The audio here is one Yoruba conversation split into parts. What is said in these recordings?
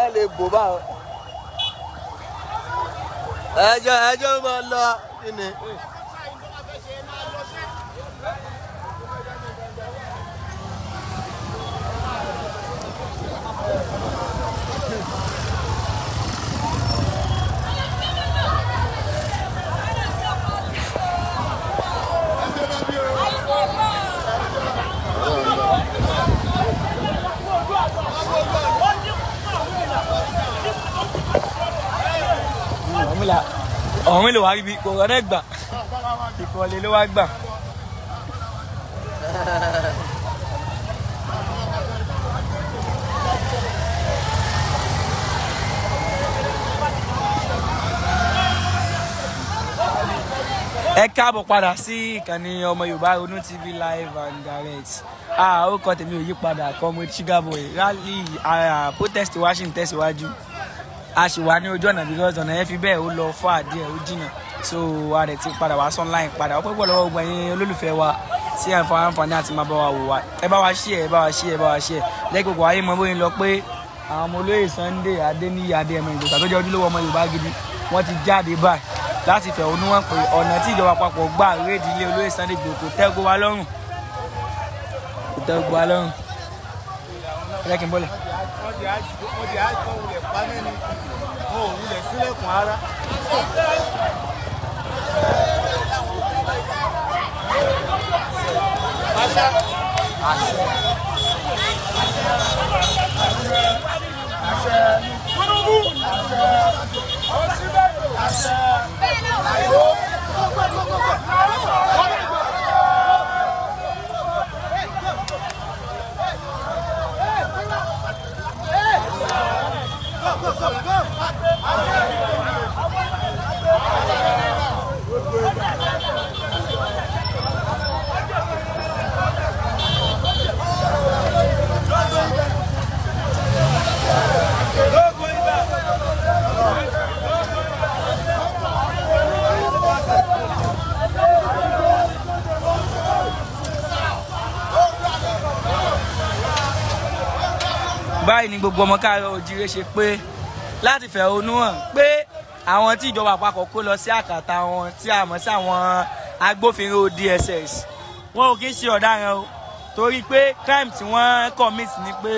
ẹ lè bò bá ọ. ẹjọ́ ẹjọ́ mọ lọ kí ni. Thank you. ọ̀hún mi lè wá ibi kò rẹ́ gbà ìkọ̀lẹ̀ ló wá gbà. ẹ káàbọ̀ padà sí ìkànnì ọmọ yorùbá ronú tv live and direct ah, orúkọ tèmi ò yí padà kọ́ mo chigaboy rally ah, protest wa ṣì ń tẹ̀síwájú a sì wà ní ojú ọ̀nà because ọ̀nà yẹn fi bẹ́ẹ̀ ó lọ fọ́ àdìẹ ó jìnnà so a rẹ̀ ti padà wá online padà ọ̀pọ̀ ìgbà lọ́wọ́ gbogbo ẹ̀yin olólùfẹ́ wa tí àǹfààní àti máa bá wa wò wá ẹ bá wa ṣí ẹ ẹ bá wa ṣí ẹ ẹ bá wa ṣí ẹ lẹ́gbẹ̀gbọ̀ ayé mọ bóyin lọ pé àwọn ọmọ olóyè Sunday Adéníyì Adéyẹmọ Ìjẹ̀ṣà tó jẹ́ ojúlówó ọmọ Yorùbá gidi wọ́n ti jáde báyìí láti fẹ̀hónú wọn pé ọ̀nà tí ìjọba àpapọ̀ gbà Sunday Igboho kò tẹ́ gbogbo wa lọ́rùn kò tẹ́ gbogbo wọ́n àjọ wulẹ̀ pamẹ́ ni wọn ò wulẹ̀ sílẹ̀kùn ara. àṣà àṣà àṣà àṣà àṣà àṣà àṣà. báyìí ni gbogbo ọmọ káàárọ̀ oòjíire ṣe pé láti fẹ̀hónú hàn pé àwọn tí ìjọba àpapọ̀ kó lọ sí àkàtà wọn tí a mọ̀ sí àwọn agbófinró DSS wọn ò kí ń ṣe ọ̀daràn o torí pé crime tí wọ́n commit ni pé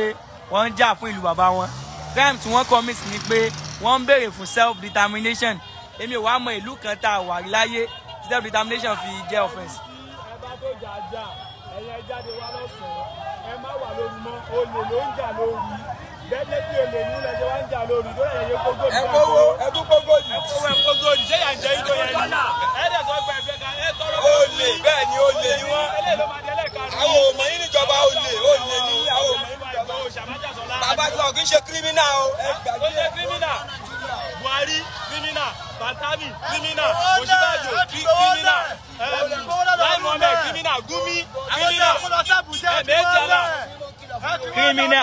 wọ́n ń jà fún ìlú bàbá wọn crime tí wọ́n commit ni pé wọ́n ń béèrè fún self determination èmi ò wá mọ ìlú kan tá a wà láyé self determination fi jẹ́ offence. ẹ bá tó jà jà ẹ̀yẹn jáde wá lọ́sàn-án ẹ má wà lórí mọ́ olè ló ń jà lórí dẹ́gbẹ́tì olè ní ilẹ̀ ṣe wá ń jà lórí tó yẹ kó góòdì. ẹ kówó ẹ kó kó góòdì. ẹ kówó ẹ ni. ẹ dẹ̀ sọ gbẹ ẹgbẹ́ kan ẹ tọrọ. olè bẹ́ẹ̀ ni olè ni bàbá tí wọn kì í ṣe kírímínà o. ó ṣe kírímínà buhari kírímínà bantami kírímínà òsínbàjò kírímínà lai mohammed kírímínà gumi kírímínà ẹ̀mẹ́jẹ̀lá kírímínà.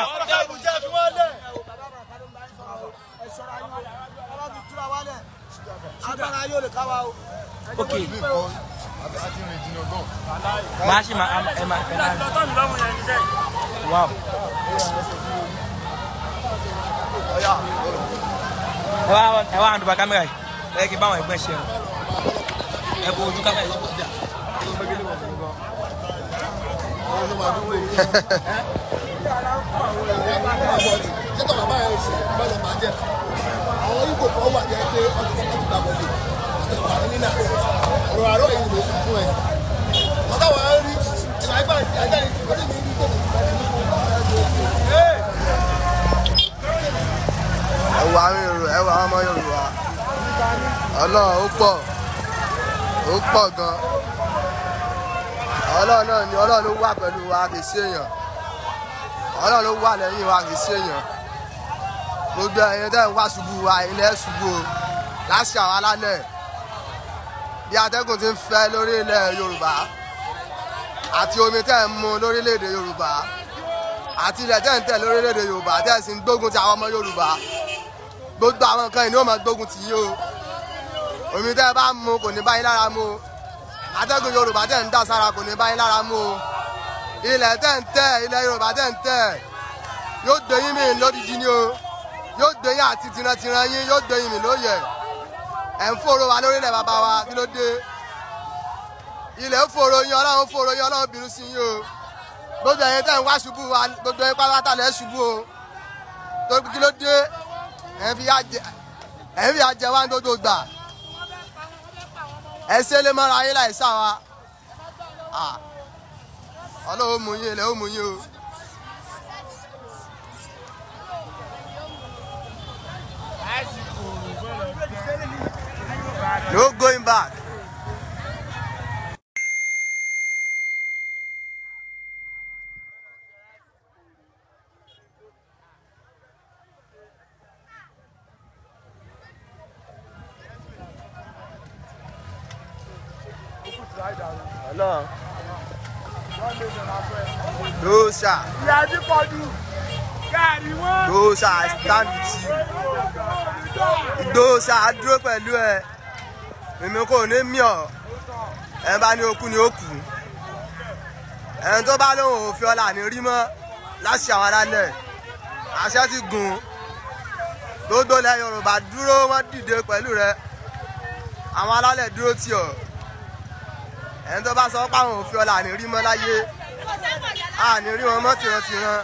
wow ẹ wá ẹ wá àǹdùbà kámẹ́rà yìí ẹ kí báwọn ẹgbẹ́ ṣe ẹ kó ojú kámẹ́rà yìí dà àwọn ibo kan wà jẹ́ pé ọdún kan tó dàbọ̀ lè wà ní nínà ọ̀rọ̀ àárọ̀ yìí ló ẹwà àwọn Yorùbá ẹwà àwọn ọmọ Yorùbá Ọlọ́run ó pọ̀ ó pọ̀ gan Ọlọ́run náà ni Ọlọ́run ló wà pẹ̀lú wa kì í ṣe èèyàn Ọlọ́run ló wà lẹ́yìn wa kì í ṣe èèyàn gbogbo ẹ̀yin tẹ́ ń wá ṣubú wa ilẹ̀ ṣubú o láṣẹ àwọn alálẹ̀ bí atẹ́gùn ti ń fẹ́ lórí ilẹ̀ Yorùbá àti omi tẹ́ ń mu lórílẹ̀‐èdè Yorùbá àti ilẹ̀ tẹ́ ń tẹ̀ lórílẹ̀‐èdè Yorùbá tẹ́ sì ń gbógun ti àwọn ọmọ Yorùbá gbogbo àwọn nǹkan yìí ni wọ́n máa gbógun tì yín o omi tẹ́ bá mu kò ní báyìí lára mu o atẹ́gùn yorùbá tẹ̀ ń dà sára kò ní báyìí lára mu o ilẹ̀ tẹ̀ ń tẹ̀ ilẹ̀ yorùbá tẹ̀ ń tẹ̀ yóò dẹ̀yìn mi lódìdí ni o yóò dẹ̀yìn àti tìrantìran yín yóò dẹ̀yìn mi lóye ẹ̀ ń fòrò wa lórílẹ̀ bàbá wa kí ló dé ilẹ̀ ń fòrò yín ọlọ́run fòrò yín ọlọ́run bínú sí yín o gbogbo ẹ̀yin tẹ̀ ń wá ṣubú wa gbogbo ẹ̀yin pátá lẹ̀ ṣubú o torí kí ló dé ẹ fi àjẹ wá gbogbo gbà ẹ ṣẹlẹ̀ mọ́ra ayé láì sá wa mú yín ilẹ̀ ó mú yín o. No going back. Dosha. Ìyá Adépọ̀jù. Gàrí wọn. Dosha stand with you. Dosha dúró pẹ̀lú ẹ. Èmi kò ní mí ọ̀. Ẹ bá ní okú ni ó kù. Ẹni tó bá lóun òfin ọ̀la ní rí mọ́ láṣẹ àwọn aráàlẹ̀. Àṣẹ ti gùn. Gbogbo ilẹ̀ Yorùbá dúró wọ́n dìde pẹ̀lú rẹ. Àwọn alálẹ̀ dúró tì ọ́. Ẹni tó bá sọ pé àwọn òfin ọ̀la ní rí mọ́ láyé a ní rí wọn mọ́ tìrantìran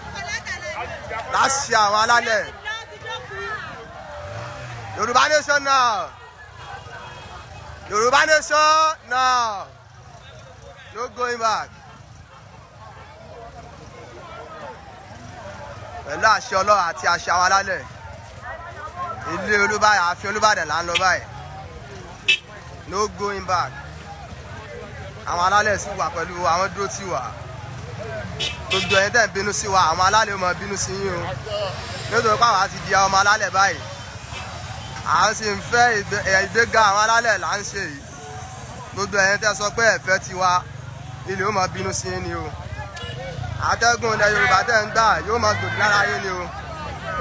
láṣẹ àwọn alálẹ̀ yorùbá nation náà yorùbá nation náà no going back pẹ̀lú àṣẹ ọlọ́run àti àṣẹ àwọn alálẹ̀ ilé olúbàdàn ààfin olúbàdàn là ń lọ báyìí no going back àwọn alálẹ̀ sì wà pẹ̀lú àwọn dúró tì wá gbogbo ẹ̀yin tẹ́ ń bínú sí wa àwọn alálẹ̀ ọmọ bínú sí yín o nítorí pé àwa ti di ọmọ alálẹ̀ báyìí à ń sì ń fẹ́ ìgbéga àwọn alálẹ̀ là ń ṣe yìí gbogbo ẹ̀yin tẹ́ sọ pé ẹ̀fẹ́ ti wa ilé ó bínú sí yín ni o àtẹ́gùn ilẹ̀ Yorùbá tẹ́ ń gbà yóò máa gbòdì lára yín ni o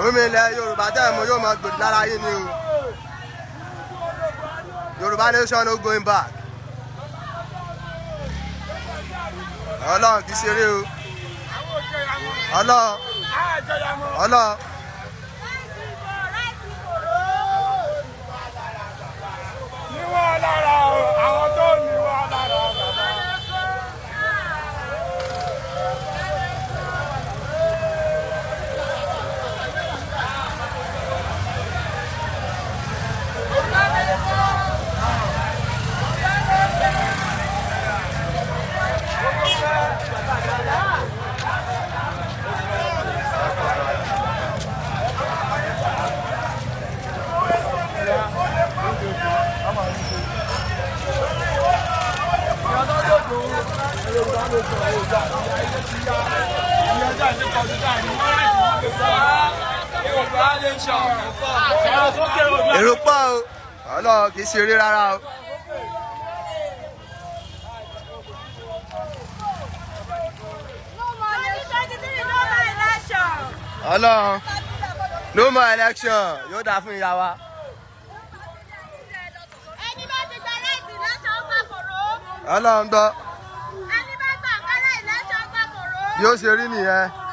omi ilẹ̀ Yorùbá tẹ́ mu yóò máa gbòdì lára yín ni o Yorùbá nation no going back ọlọ́run kì í ṣeré o. Hello. Hello. níwọ̀n lára o. election yóò dáa fún ìyá wa. ẹni bá ti gba láìsí election ọgbà kòró. ọlọ́run gbọ́. ẹni bá gba àkàrà election bí ó ṣe rí nìyẹn.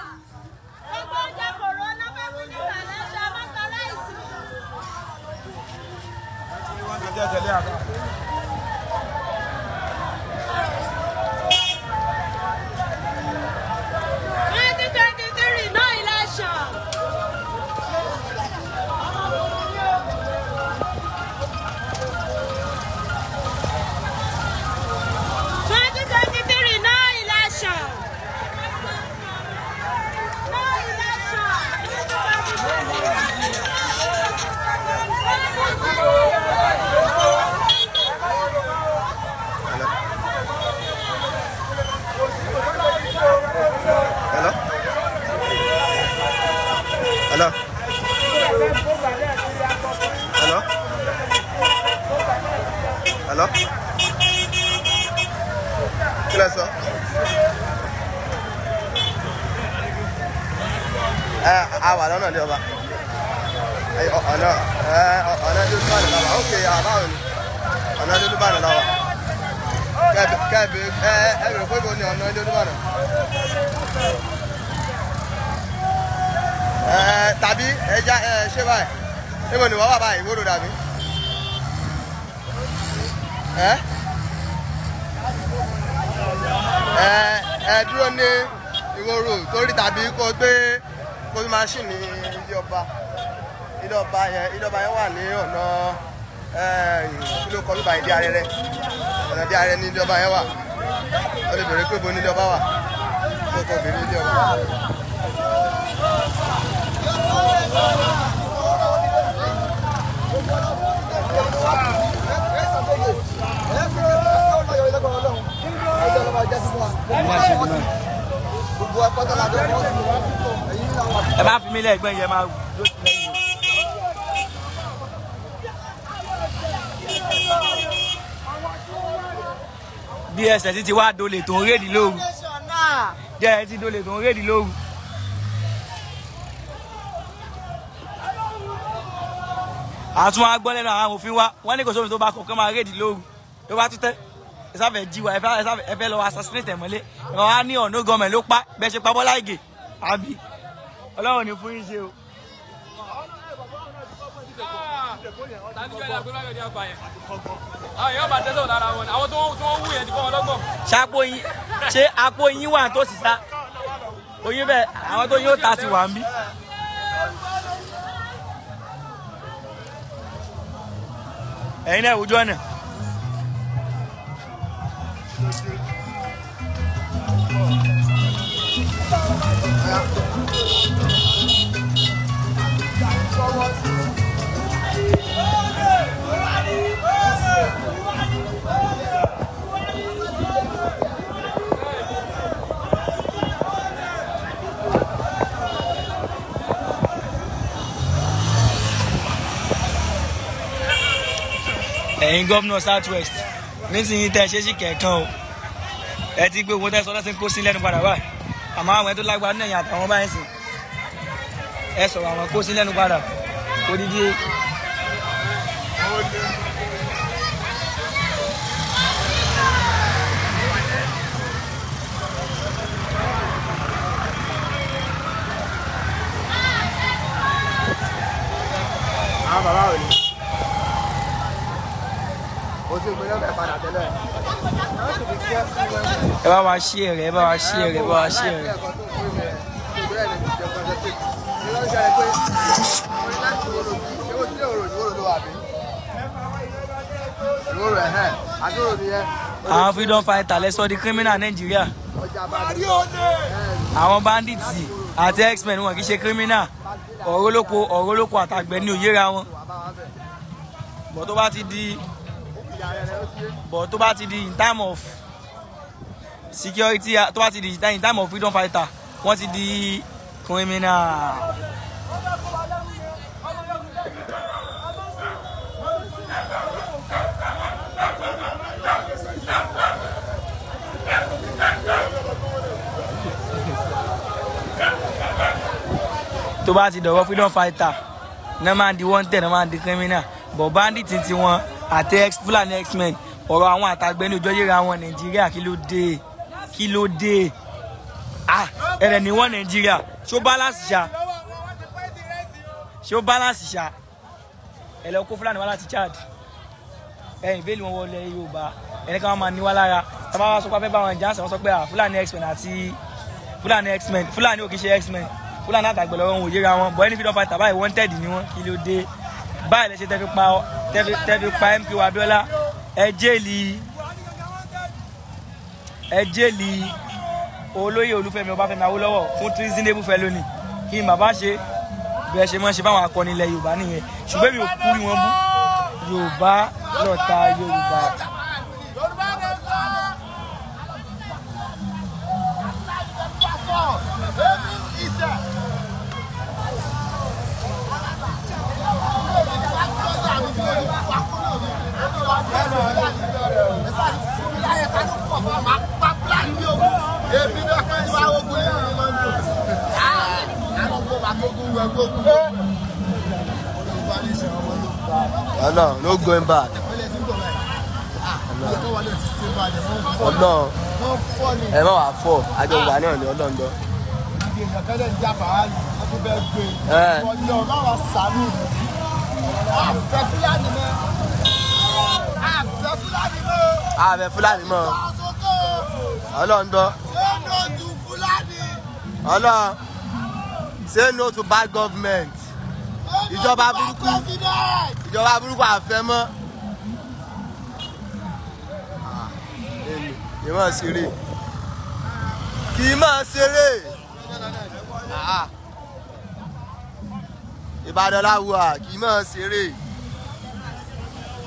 tàbí ẹja ẹ ṣé báyìí níbo ni wọ́n wà báyìí wóró dàbí. ẹ ẹ dúró ní ìwòrò torí tàbí kó gbé kó máṣíìnì ilé ọba ilé ọba yẹn ilé ọba yẹn wà ní ọ̀nà ilé ọkọ̀ ló bá yẹn dí arẹ́rẹ́ ọ̀nà dí arẹ́rẹ́ ní ilé ọba yẹn wà ó lè bèrè pé bo ní ilé ọba wà kó kó bèrè ilé ọba ẹ bá fi mí lẹ́gbẹ̀ẹ́ yẹn máa wù. dss ti wá dolè tó ń rédi lóru dss ti dolè tó ń rédi lóru. àtún wọn gbọ́ lẹ́nu àwọn amòfin wa wọ́n ní kò sómi tó bá kọ̀ kọ́ máa rédìí lóru tó bá tútẹ́ ẹ sáfẹ́ jí wa ẹ fẹ́ lọ assassinate ẹ̀mọ́lé ẹ wá ní ọ̀nà gọ́ọ̀mẹ̀ ló pa bẹ́ẹ̀ ṣe pa Bọ́lá Ìgè àbí Ọlọ́run ní fún yín ṣe o. ṣàpò yín ṣé àpò yín wà tó sì sá oyin bẹ́ẹ̀ àwọn tó yín ó ta sí wà ń bí. ẹ̀yin náà ìwújọ́ náà. Thank you. ẹ̀yin gómìnà south west nísìnyí tẹ́ ẹ ṣe sí kẹ̀kan o ẹ ti gbé owó tẹ́ sọ lọ́sìn kó sí lẹ́nu padà wá àmọ́ àwọn ẹ̀tọ́ lágbára náà yẹn àtàwọn báyìí sìn ẹ sọ̀rọ̀ àwọn kó sí lẹ́nu padà odidi. Ah, bàbá òní ẹ bá wa ṣí ẹrẹ ẹ bá wa ṣí ẹrẹ ẹ bá wa ṣí ẹrẹ. àwọn freedom fighter lẹ́sọ́ di criminal nàìjíríà àwọn bandits àti x-men wọn kì í ṣe criminal ọ̀rọ̀ lóko ọ̀rọ̀ lóko àtàgbẹ̀ ní òyìnbó wọn bọ̀ tó bá ti di but tó bá ti di in time of security tó bá ti di in time of freedom fighter wọ́n ti di criminal. tó bá ti dọ̀wọ́ freedom fighter náà máa di wọ́n tẹ̀ náà máa di criminal but bandit ti wọn àti Fúlàní x-men ọ̀rọ̀ àwọn àtàgbẹ́ ní òjò yíra wọn Nàìjíríà kí ló dé kí ló dé ẹ̀rẹ̀ ni wọ́n Nàìjíríà ṣó bálàsì ṣá ṣó bálàsì ṣá ẹ̀ lọ kó Fúlàní wá láti Chad ẹ̀yìn bẹ́ẹ̀ ni wọ́n wọlé Yorùbá ẹni ká wọn máa níwá lára tábà wá sọ pé abẹ́ bá wọn jáǹsì wọn sọ pé Fúlàní x-men àti Fúlàní x-men Fúlàní ò kì í ṣe x-men Fúlàní àtàgbẹ̀ lọ́wọ́ wọn ò yíra wọn bọ̀ ẹni fi dọ́fà tàbá ìwọ́ntẹ́dì ni wọ́n kí ló dé báyìí lè ṣe tẹ́ fi pa tẹ́bi pa mp wa Abíọ́lá ẹ jẹ́ẹ̀lì ẹ jẹ́ẹ̀lì olóyè Olúfẹ́mi Ọbáfẹ́mi Awólọ́wọ̀ fún treasonable felony kí n bàbá ṣe bẹ́ẹ̀ ṣe máa ń ṣe báwọn akọni ilẹ̀ Yorùbá nìyẹn ṣùgbọ́n mi ò kúrú wọn bú Yorùbá lọ́ta Yorùbá. not going back. ọlọ́run ẹ má wàá fọ àjọ wà náà ní ọlọ́run dán. ààbẹ̀ fúlàní mọ́ ọlọ́run dán. ọlọ́run say no to bad government ìjọba burúkú ìjọba burúkú àfẹ́ mọ́. kì ah, í máa ṣeré kì í máa ṣeré ah, ah. Ìbàdàn láwùwà kì í máa ṣeré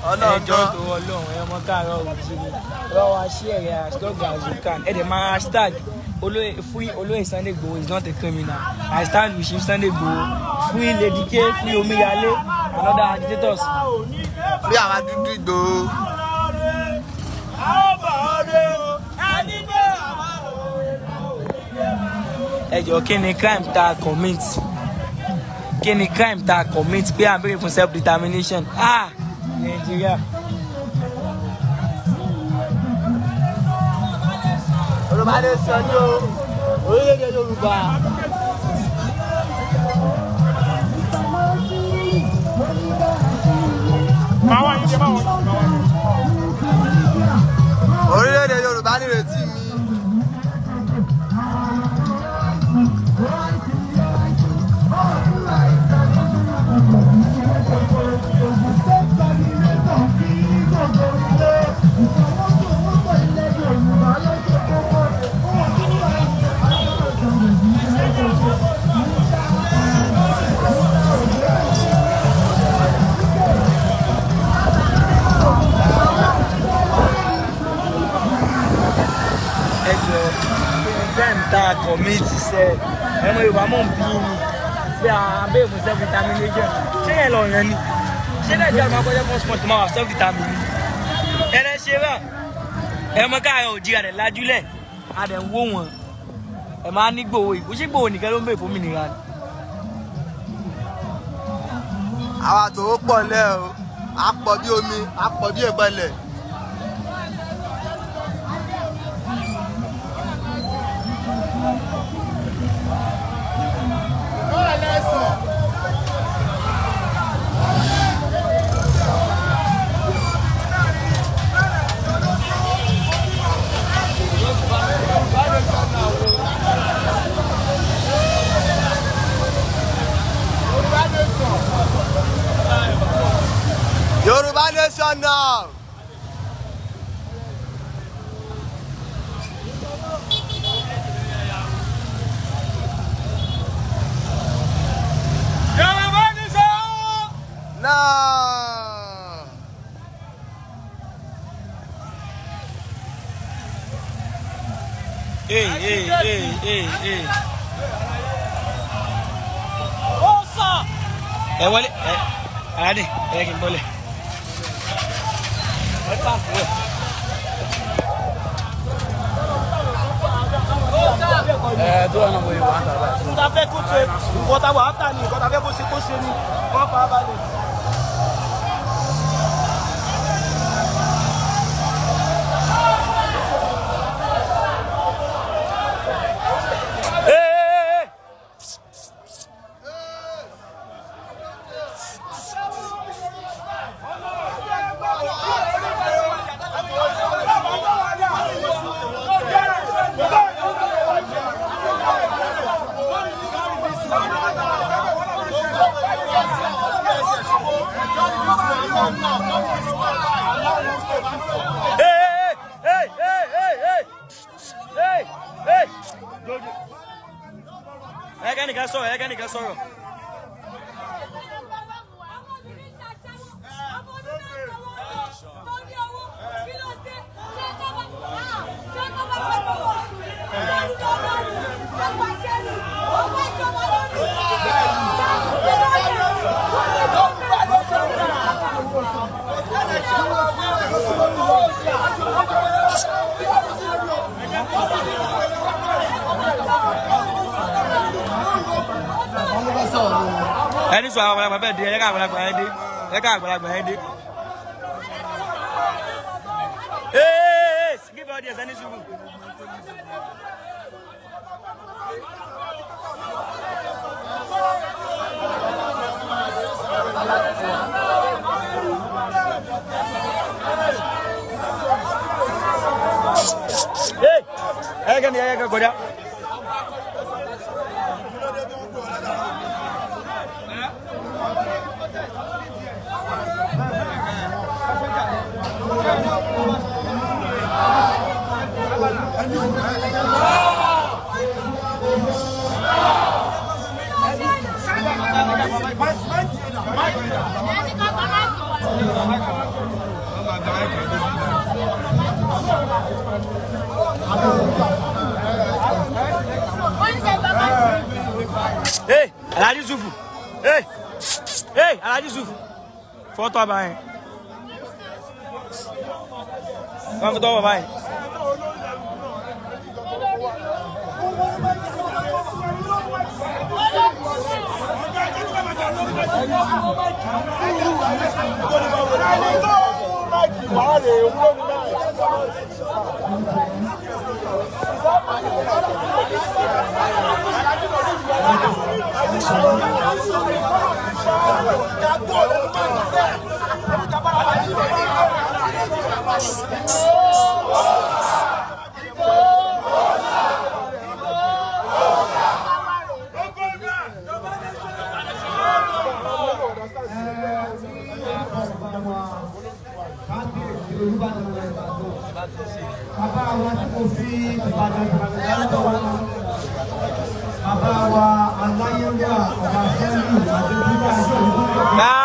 ẹjọ́ tó ọlọ́run ẹ mọ́ káàárọ̀ òjì ni lọ́wọ́ ṣí ẹ̀rẹ́ àṣìlọ́gà zukan ẹ̀dẹ̀ máa hashtag Oloye, free Oloye Sunday Igboho is not a criminal. I stand with him Sunday Igboho. Free Lady free Omiyale, Another other agitators. Free our dúdú Igboho. Ẹ jọ kí ni crime tá a commit? Kí ni crime tá a commit? Pé à ń béèrè self-determination. Ah! Nàìjíríà. bàbá lè you. ní o orílẹ̀-èdè Yorùbá. máa wá yín jẹ ẹmọ yorùbá mọ̀ ń bí ni pé abẹ́ ìmọ̀ self determination ṣé yẹn lọ yẹn ni ṣé nàìjíríà máa kọjá first month máa wà self determination ẹnẹ ṣe bá ẹmọ káyọ̀ òjì rẹ̀ lájúlẹ̀ adẹ̀ ń wó wọn ẹ máa ní gbòòwò ìbò ṣé gbòòwò nìkan ló ń bèèrè fómìnira ni. àwa tó pọ̀ lẹ́ o a pọ̀ bí omi a pọ̀ bí ìpẹ́lẹ̀. done now. No. Hey, hey, hey, hey, hey. Bolsa. Eh, wale. Eh, ade, eh, kimbole. Nous avons òye Nous avons tà Nous avons tá fẹ́ kó ṣe nǹkan tá wà á tà ní nǹkan tá fẹ́ kó ṣe kó ṣe ni wọ́n fà á balẹ̀. 说，赶紧给说哟。fẹ́ dé ẹ ká àgbàlagbà yẹn dé ẹ ká àgbàlagbà yẹn dé. Hey, give audience any sùúrù. Hey, ayaka ni ayaka kọjá. Alhaji Yusuf fọ́tọ̀ ọba yẹn wọ́n fi tọ́wọ́ báyìí. Wàhálà bàbá wa tí mo fi ìbàdàn ìbàdàn wa lọ bàbá wa aláyẹwà ọba sẹ́yìn àti bíbá ìjọba.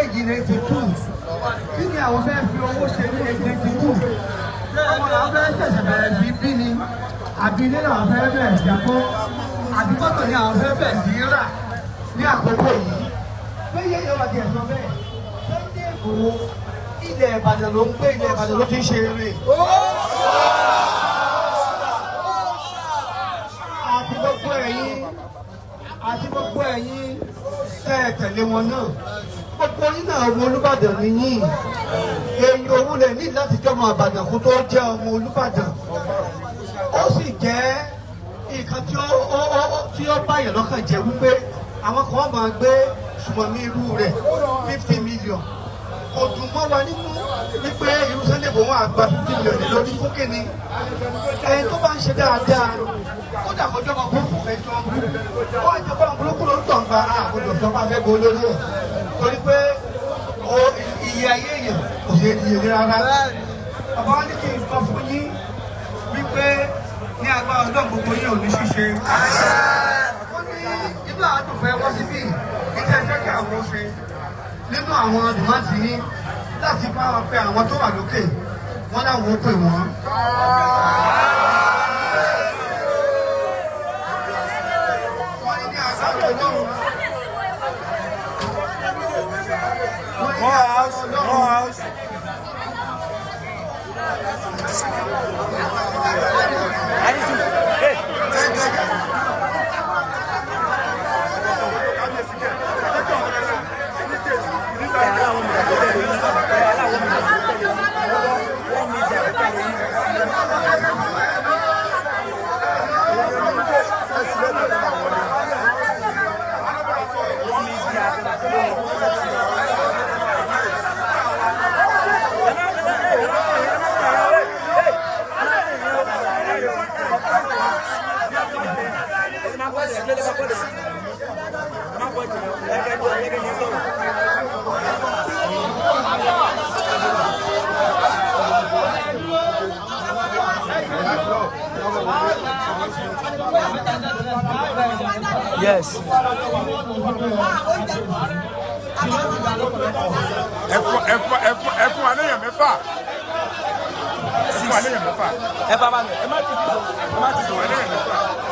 méjèèjì ní eighty two kí ni àwọn fẹ́ fi owó ṣe ní eighty two ọmọ làwọn fẹ́ ṣẹ̀ṣẹ̀ bẹ̀rẹ̀ sí bí ni àbí ilé làwọn fẹ́ bẹ̀rẹ̀ sí kó àbí mọ́tò ni àwọn fẹ́ bẹ̀rẹ̀ sí rà ní àkókò yìí péye yóò wà tiẹ̀ sọ bẹ́ẹ̀ péye ìgbòho ilẹ̀ Ìbàdàn ló ń gbé ilẹ̀ Ìbàdàn ló ti ṣe eré. àti gbogbo ẹ̀yin àti gbogbo ẹ̀yin tẹ́ tẹ̀lé wọn náà gbogbo yín náà ọmọ Olúbàdàn nìyí èyí òun lè ní láti jẹ́ ọmọ Ìbàdàn kó tó jẹ́ ọmọ Olúbàdàn ó sì jẹ́ nǹkan tí ó báyàn lọ́kàn jẹ́ wípé àwọn kan máa gbé sùmọ̀mí irú rẹ̀ fifty million kò dùn mọ́ wa nínú wípé irú Sunday Igboho àgbà fifty million lórí fún kínní ẹni tó bá ń ṣe dáadáa kódà kọjọ́ kan kó fẹ́ jọ́ ó jẹ́ pé burúkú ló ń tàn gba àgbọ̀dọ̀ tó bá fẹ́ bo lórí ẹ̀ torí pé iye ayé yẹn kò ṣe iye ní rárá bàbá wa ní kí n sọ fún yín wípé ní agbára ọlọ́run gbogbo yín ò ní ṣíṣe ó ní ibà àdùnfẹ́ wọ́n sí bíi iṣẹ́ iṣẹ́ kí àwọn ó ṣe nínú àwọn dùmọ́tì yín láti bá wọn pe àwọn tó wà lókè wọ́n láwọn ó pè wọ́n. Morehouse, Morehouse. Addison, hey. yes. ẹfun ẹfun ẹfun ẹfun aléyàn mẹ́fà ẹfun aléyàn mẹ́fà. ẹ bá bá mi ẹ má ti dùn ẹ má ti dùn mẹ́fà.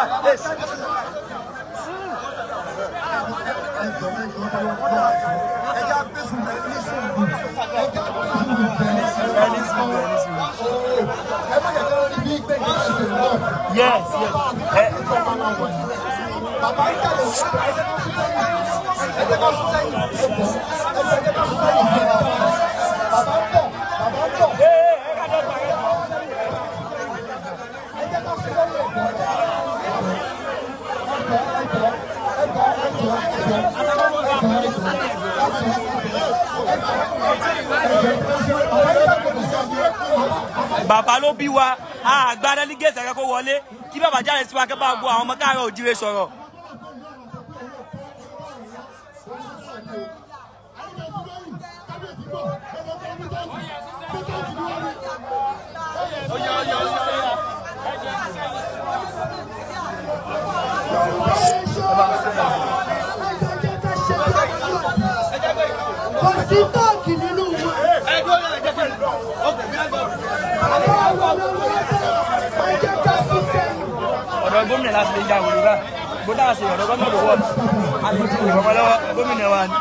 Yes. Yes, bàbá ló bí wa àgbà délégéètì ẹ̀kẹ́ kó wọlé kí bàbá jáde sí wa kẹ́ bá gbọ́ àwọn ọmọ káàárọ̀ òjíire sọ̀rọ̀. Thank you. kò sí tóògì nínú wọn. ẹ jọ ẹ jẹ kí n lọ ọkọ mi àgbà. àwọn àwọn ọmọ wọn ẹ jẹ ká fún sẹ́yìn. ọ̀dọ̀ gómìnà láti lè ya wòlé bá bóta àṣẹ ọ̀dọ̀ gómìnà ló wọ̀ àti ti ìrọ̀mọ́ lọ́wọ́ gómìnà wa ni.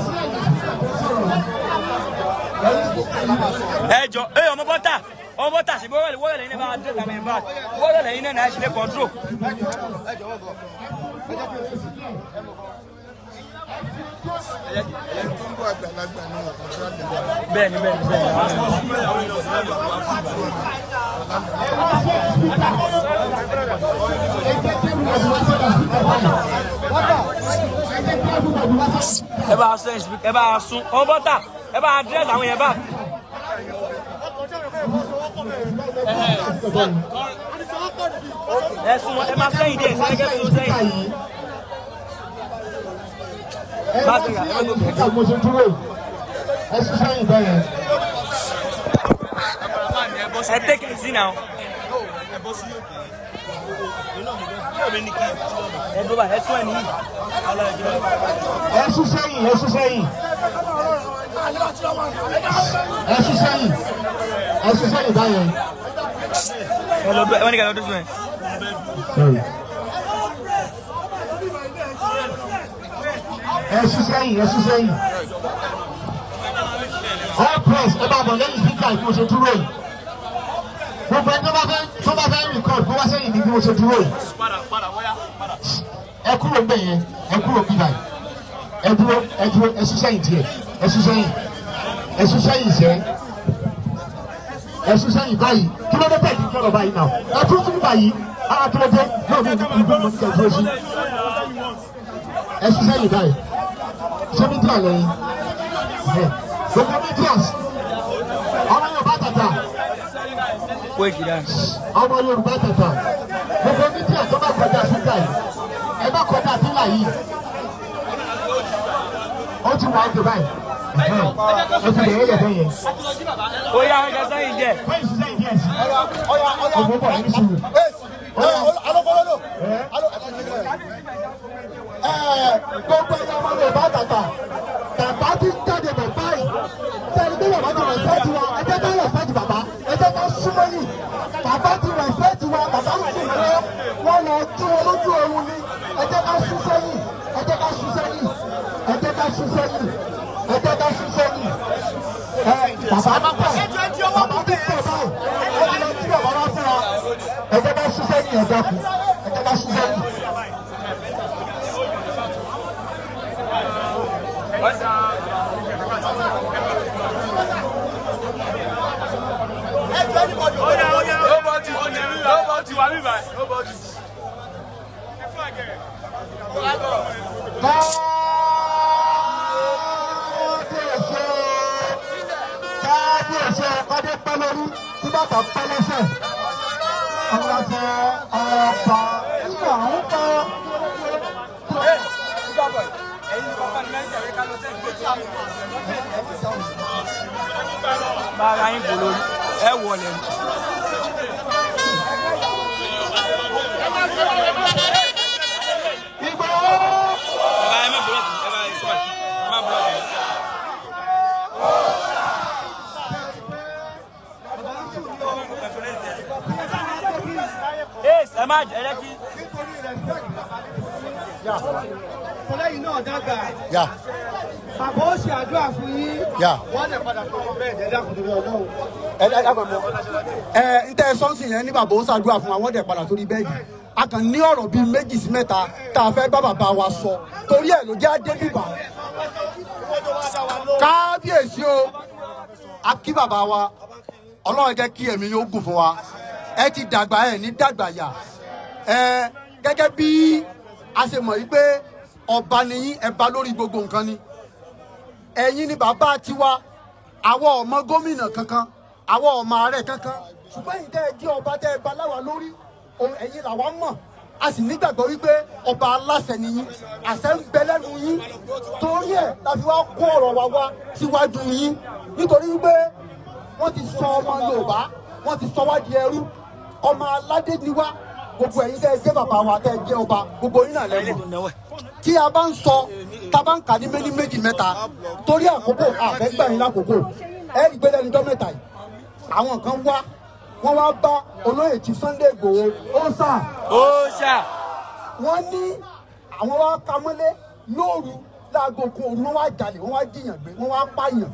ó ti ẹ jọ ẹ ọmọ bọ́tà ọmọ bọ́tà sí wọ́ọ̀rẹ̀ wọ́ọ̀rẹ̀ lẹ́yìn náà bá dé tàbí bá wọ́ọ̀rẹ̀ lẹ́yìn náà náà ṣe kọ́ńtró. bẹ́ẹ̀ni bẹ́ẹ̀ni bẹ́ẹ̀ni ẹ bá sún ẹ bá sún ọmọ bọ́tà ẹ bá dírẹ́sì àwọn yẹn bá. ẹ sún ẹ má sẹ́yìn díẹ̀ sẹ́yìn kẹ́ sún sẹ́yìn. má sẹ́yìn ẹ má tó bẹ̀rẹ̀. ẹ sún sẹ́yìn bẹ́ẹ̀. ẹ tẹ́kẹ̀ sí náà. ẹ bọ́ sí yóò kéré ẹ̀dùn ẹ̀ tún ẹ̀ nìyí. ẹ sún sẹ́yìn ẹ sún sẹ́yìn. ẹ sún sẹ́yìn ẹ sún sẹ́yìn báyọ̀. ẹ lọ bẹ ẹ wọ́n ní ká lọ dún sún sẹ́yìn ẹ sún sẹ́yìn. all press ẹ bá bọ̀ lẹ́yìn síkà ìkóso dúró yìí. gbogbo ẹjọ́ bá fẹ́ tó bá fẹ́ rìkọ́d bó wá sẹ́yìn ní bí mo ṣe dúró yìí. ẹ kúrò ń bẹ̀ yẹn ẹ kúrò bí báyìí ẹ dúró ẹ dúró ẹ ṣú sẹ́yìn díẹ̀ ẹ ṣú sẹ́yìn ẹ ṣú sẹ́yìn sẹ́ ẹ ṣú sẹ́yìn báyìí kí ló dé bẹ́ẹ̀ kí n kẹ́rọ báyìí náà ẹ tún tún báyìí ara tó dé náà mi ní ìlú mo kẹ́ dúró sí ẹ ṣú sẹ́yìn báyìí ṣé mi dí gbogbo mi dí àsì. kó ìjìyà. ọmọ yorùbá tẹ̀tọ̀ gbogbo mídíà tó bá kọjá síta yìí ẹ bá kọjá sílà yìí ó ti wà ọ́dẹ báyìí o ti lè yẹ yẹ bẹ́yẹ. o yà ẹ̀ka sẹ́yìn jẹ. ọ̀gbọ́n bọ̀ ní sùúrù. alọ́kọ́lọ́dọ̀ gbogbo ẹ̀yà ọmọ yorùbá tàtà tàbá ti jáde bọ̀ báyìí sẹ́ni tó yàrá ti rẹ̀ sẹ́yìn wa. tiwa bàbá ìdí pé wọ́n lọ tú wọn lójú oorun ni ẹ ká sún sẹ́yìn ẹ ká sún sẹ́yìn ẹ ká sún sẹ́yìn ẹ ká sún sẹ́yìn bàbá pípẹ́ bàbá pípẹ́ báyìí wọ́n ti lọ sí bàbá wá fún wa ẹ ká sún sẹ́yìn ẹ̀dá kù ẹ ká sún sẹ́yìn. Everybody, wà mí báyìí. ó bọ̀ jù. ẹ fún àgẹ̀rẹ̀. lágọ̀ọ́. ṣe ọdẹ pẹ́ lórí tí bàtà pẹ́ lẹ́sẹ̀. ọlọsẹ ọba ìgbà ń bọ. bára yín bò lórí ẹ wọlé. má jẹ ẹ kí. Fọlẹ́yìn náà dàgbà. Bàbá ó ṣe àdúrà fún yín. Wọ́n lè padà fún ọmọ bẹ́ẹ̀ dẹ́dá kò lórí ọlọ́run. Ẹ dẹ́dá kò lórí ọlọ́run. Ẹ ń tẹ́ sọ́ọ̀sì yẹn ní bàbá ó ṣàdúrà fún wa, wọ́n dẹ̀ padà sórí bẹ́ẹ̀dì a kàn ní ọ̀rọ̀ bíi méjì sí mẹ́ta tá a fẹ́ bá bàbá wa sọ torí ẹ̀ ló jẹ́ adé bíbà kábíyèsí o a kí bàbá wa ọlọ́run jẹ́ kí ẹ̀mí yóò gùn fún wa ẹ ti dàgbà ẹ̀ ní dàgbà yà ẹ gẹ́gẹ́ bí a ṣe mọ̀ yìí pé ọba nìyí ẹ bá lórí gbogbo nǹkan ni ẹ̀yin ni bàbá tiwa àwọn ọmọ gómìnà kankan àwọn ọmọ ààrẹ kankan ṣùgbọ́n ìdá ẹ jẹ́ ọba tẹ́ ẹ bá láwa lórí ẹ̀yin làwa mọ̀ a sì nígbàgbọ́ wípé ọba aláṣẹ nìyí àṣẹ ń bẹ lẹ́nu yín torí ẹ̀ la fi wá kó ọ̀rọ̀ wa wá síwájú yín nítorí wípé wọ́n ti sọ ọmọ Yorùbá wọ́n ti sọ wá di ẹrú ọmọ aládé ni wá gbogbo ẹ̀yin tẹ́ ẹ jẹ́ bàbá wa tẹ́ ẹ jẹ́ ọba gbogbo yín náà lẹ́nu tí a bá ń sọ tá a bá ń kà ní méjì méjì mẹ́ta torí àkókò àfẹ́gbẹ̀rin lákòókò ẹ̀ẹ́dì gbẹ́dẹ́ni dọ́ mẹ́ta yìí àwọn kan wá wọ́n wá bá olóyè tí Sunday Igboho ó sà. ó sà. wọ́n ní àwọn wá kamọ́lé lóru láago kan òru wọ́n wá jalè wọ́n wá jiyàn gbé wọ́n wá pààyàn.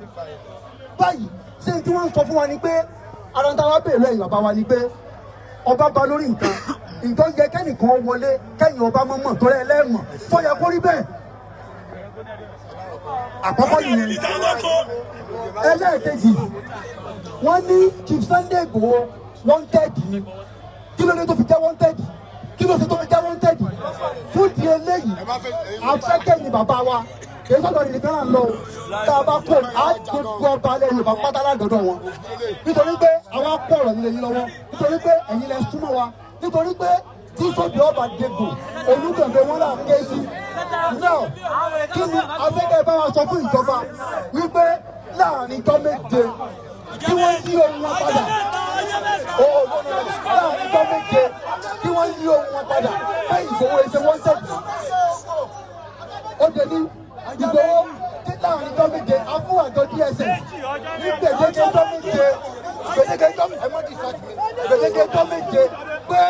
báyìí ṣé tí wọ́n ń sọ fún wa ni pé ara ń tara bèèrè ẹ̀yìn bàbá wa ni pé ọba ba lórí nǹkan nǹkan yẹ kẹ́nìkan wọlé kẹ́yìn ọba mọ̀mọ́ tó rẹ̀ lẹ́ẹ̀mọ̀ tó bẹ́ẹ̀. àkọ́kọ́ yìí ẹlẹ́ẹ̀kejì wọ́n ní Chief Sunday Igboho wanted ni kí ló dé tó fi jẹ́ wanted kí ló ṣe tó fi jẹ́ wanted fún di eléyìí afẹ́kẹ́ ni bàbá wa kì í sọ̀rọ̀ ìdílé náà lọ tá a bá kó a gbogbo ọba alẹ́ Yorùbá pátá ládọ́dọ̀ wọn nítorí pé àwọn akọ ọ̀rọ̀ nílẹ̀ yìí lọ́wọ́ nítorí pé ẹ̀yin lẹ súnmọ́ wa nítorí pé tí sóbì ọba dègbò olùkọ̀ǹdé wọn là ké sí náà kí ni afẹ́kẹ́ bá wa sọ fún ìjọba wípé láàrin tọ́ méje kí wọ́n yí ohun wọn padà láàrin tó méje kí wọ́n yí ohun wọn padà báyìí ìṣòwò ẹsẹ̀ wọ́n ṣẹ̀dá ó dé ní Ìgbòho tí láàrin tó méje afún àjọ DSS ní gbèdéke tó méje gbèdéke tó méje ẹ̀mọ́ ti ṣáàtì mi gbèdéke tó méje pé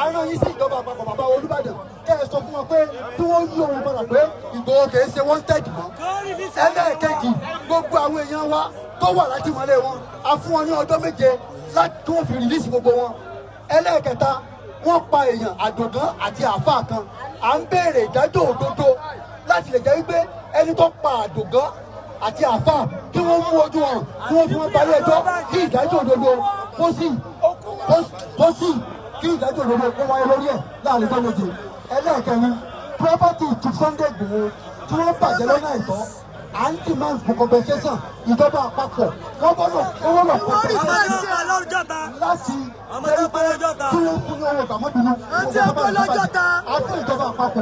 àárọ̀ yìí sí ìjọba àpapọ̀ bàbá Olúbàdàn sọ fún wọn pé kí wọ́n yí ohun padà pé Ìgbòho kì ṣe wọ́n tẹ̀dí mọ́ ẹlẹ́ẹ̀kejì gbogbo àwọn èèyàn wa tó wà látìmọ́lé wọn a fún wọn ní ọjọ́ méje láti wọ́n fi rìlíìsì gbogbo wọn ẹlẹ́ẹ̀kẹta wọ́n pa èèyàn àdògán àti àáfàá kan à ń béèrè ìdájọ́ òdodo láti lè jẹ́ wípé ẹni tó pa àdògán àti àáfàá kí wọ́n mú ojú wọn kí wọ́n fi wọn parí ẹjọ́ kí ìdájọ́ òdodo kó sì kó sì kí ìdájọ́ òdodo kó wáyé lórí ẹ̀ láàrin tó méje ẹlẹ́ẹ̀kẹrin property to Sunday Igboho tí wọ́n bàjẹ́ lọ́nà àìtọ́ à ń dì máa ń fún compensation ìjọba àpapọ̀ wọ́n gbọ́dọ̀ owó lọ fún ọ̀pọ̀ láti ẹni pé kí wọ́n fún ní owó tàmọ́dúnú àti ìjọba àpapọ̀.